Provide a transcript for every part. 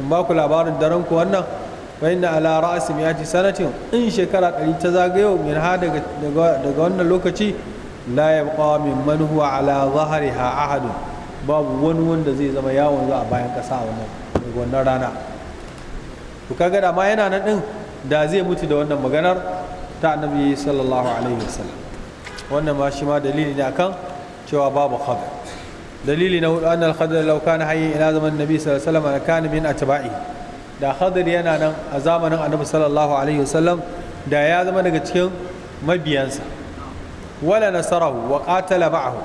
in ba ku labarin daren ku wannan wani na ala ya mi'ati sanatin in shekara ɗari ta zagayo min ha daga wannan lokaci la yabqa min huwa ala ha ahadu babu wani wanda zai zama yawon zuwa a bayan kasa a wannan rana to kaga da ma yana nan ɗin da zai mutu da wannan maganar ta annabi sallallahu alaihi wasallam wannan ma shi ma dalili ne akan cewa babu khabar dalili na hudu annal khadr law kana hayy ila zaman nabi sallallahu alaihi wasallam kana min atba'i da khadr yana nan a zamanin annabi sallallahu alaihi wasallam da ya zama daga cikin mabiyansa wala nasarahu wa qatala ma'ahu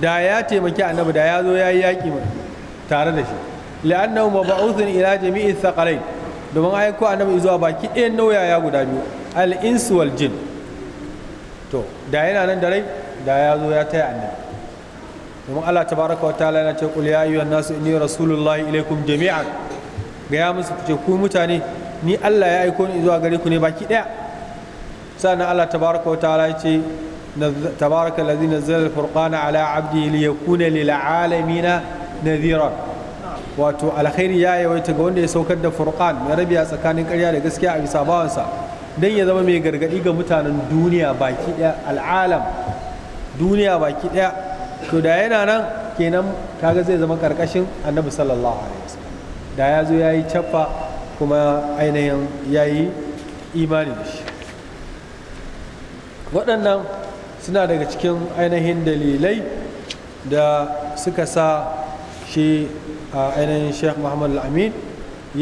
da ya taimaki annabi da ya zo ya yi yaƙi tare da shi la'annahu mab'uthun ila jami'i thaqalain domin aiko annabi zuwa baki ɗayan nauya ya guda biyu al-insu wal jin to da yana nan da rai da ya zo ya taya annabi domin Allah tabaraka wa ta'ala yana ce qul ya ayyuhan nasu inni rasulullahi ilaikum jami'an ga ya musu ce ku mutane ni Allah ya aiko ni zuwa gare ku ne baki daya sannan Allah tabaraka wa ta'ala ya ce tabaraka allazi nazzala al-furqana ala 'abdihi liyakuna lil nadhira wato alkhairi ya yawaita ga wanda ya saukar da furqan ya rabiya tsakanin ƙarya da gaskiya a bisa bawansa dan ya zama mai gargadi ga mutanen duniya baki daya al'alam duniya baki daya to da yana nan kenan kaga zai zama karkashin annabi sallallahu alaihi wasallam da ya zo ya yi caffa kuma ainihin ya yi imani da shi waɗannan suna daga cikin ainihin dalilai da suka sa shi a ainihin sheikh muhammad al-amin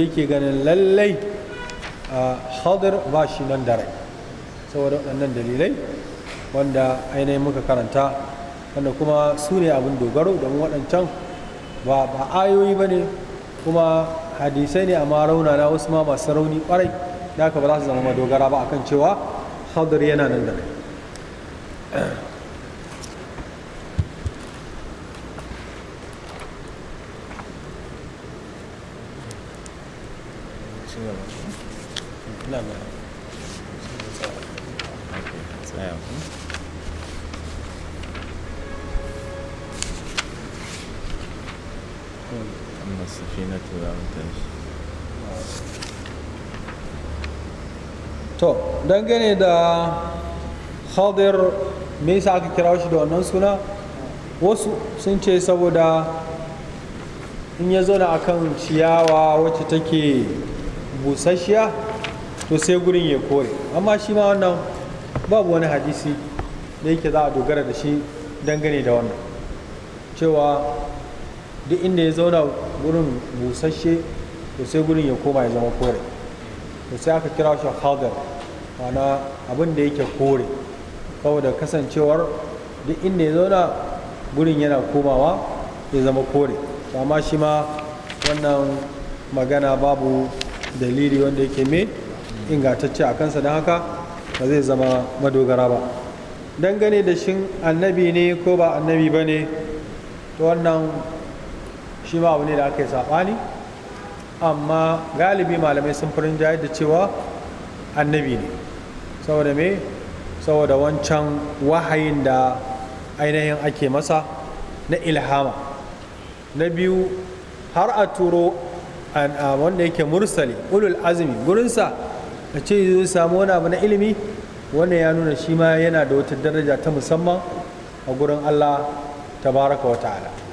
yake ganin lallai a hadir ba shi nan da rai saboda waɗannan dalilai wanda ainihin muka karanta wanda kuma su ne abin dogaro don waɗancan ba ayoyi ba ne kuma hadisai ne amma rauna na wasu ma masu rauni ƙwarai da ba za su zama madogara ba akan cewa hadar yana nan da kai to dangane da khadir me yasa aka kira shi da wannan suna wasu sun ce saboda in ya zauna kan ciyawa wacce take busasshiya to sai gurin ya kore amma shi ma wannan babu wani hadisi da yake za'a dogara da shi dangane da wannan cewa duk inda ya zauna wurin busasshe to sai gurin ya koma ya zama kore to sai aka kira shi hadar mana abin da yake kore saboda kasancewar duk inda ya zauna gurin yana komawa ya zama kore amma shi ma wannan magana babu dalili wanda yake me ingantacce a kansa don haka ba zai zama madogara ba dangane da shin annabi ne ko ba annabi ba ne to wannan shi ma abu ne da aka yi saɓani amma galibi malamai sun farin jayar da cewa annabi ne saboda me saboda wancan wahayin da ainihin ake masa na ilhama na biyu har a turo wanda yake mursali ulul azumi gurinsa a ce zai samu wani abu na ilimi wannan ya nuna shi ma yana da wata daraja ta musamman a gurin allah tabaraka wa ta'ala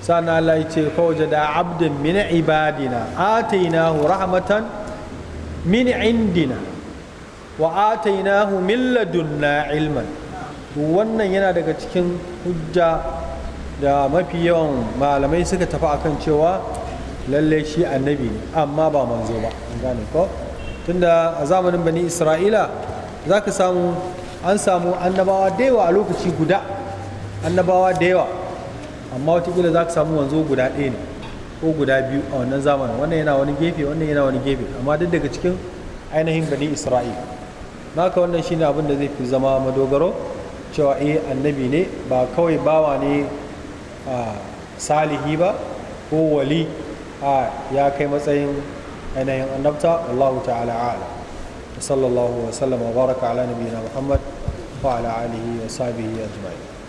sannan Allah ya ce fawaje da abdin min ibadina atainahu rahmatan min indina wa atainahu min ladunna ilman wannan yana daga cikin hujja da mafi yawan malamai suka tafi akan cewa lalle shi annabi ne amma ba manzo ba gane ko tunda a zamanin bani isra'ila za ka samu an samu annabawa da yawa a lokaci guda annabawa da yawa amma watakila za ka samu wanzo guda ɗaya ne ko guda biyu a wannan zamanin wannan yana wani gefe wannan yana wani gefe amma duk daga cikin ainihin bani isra'il naka wannan shine abin da zai fi zama madogaro cewa eh annabi ne ba kawai bawa ne a salihi ba ko wali a ya kai matsayin ainihin annabta wallahu ta'ala ala sallallahu wa sallama baraka ala nabiyina muhammad wa ala alihi wa sahbihi ajma'in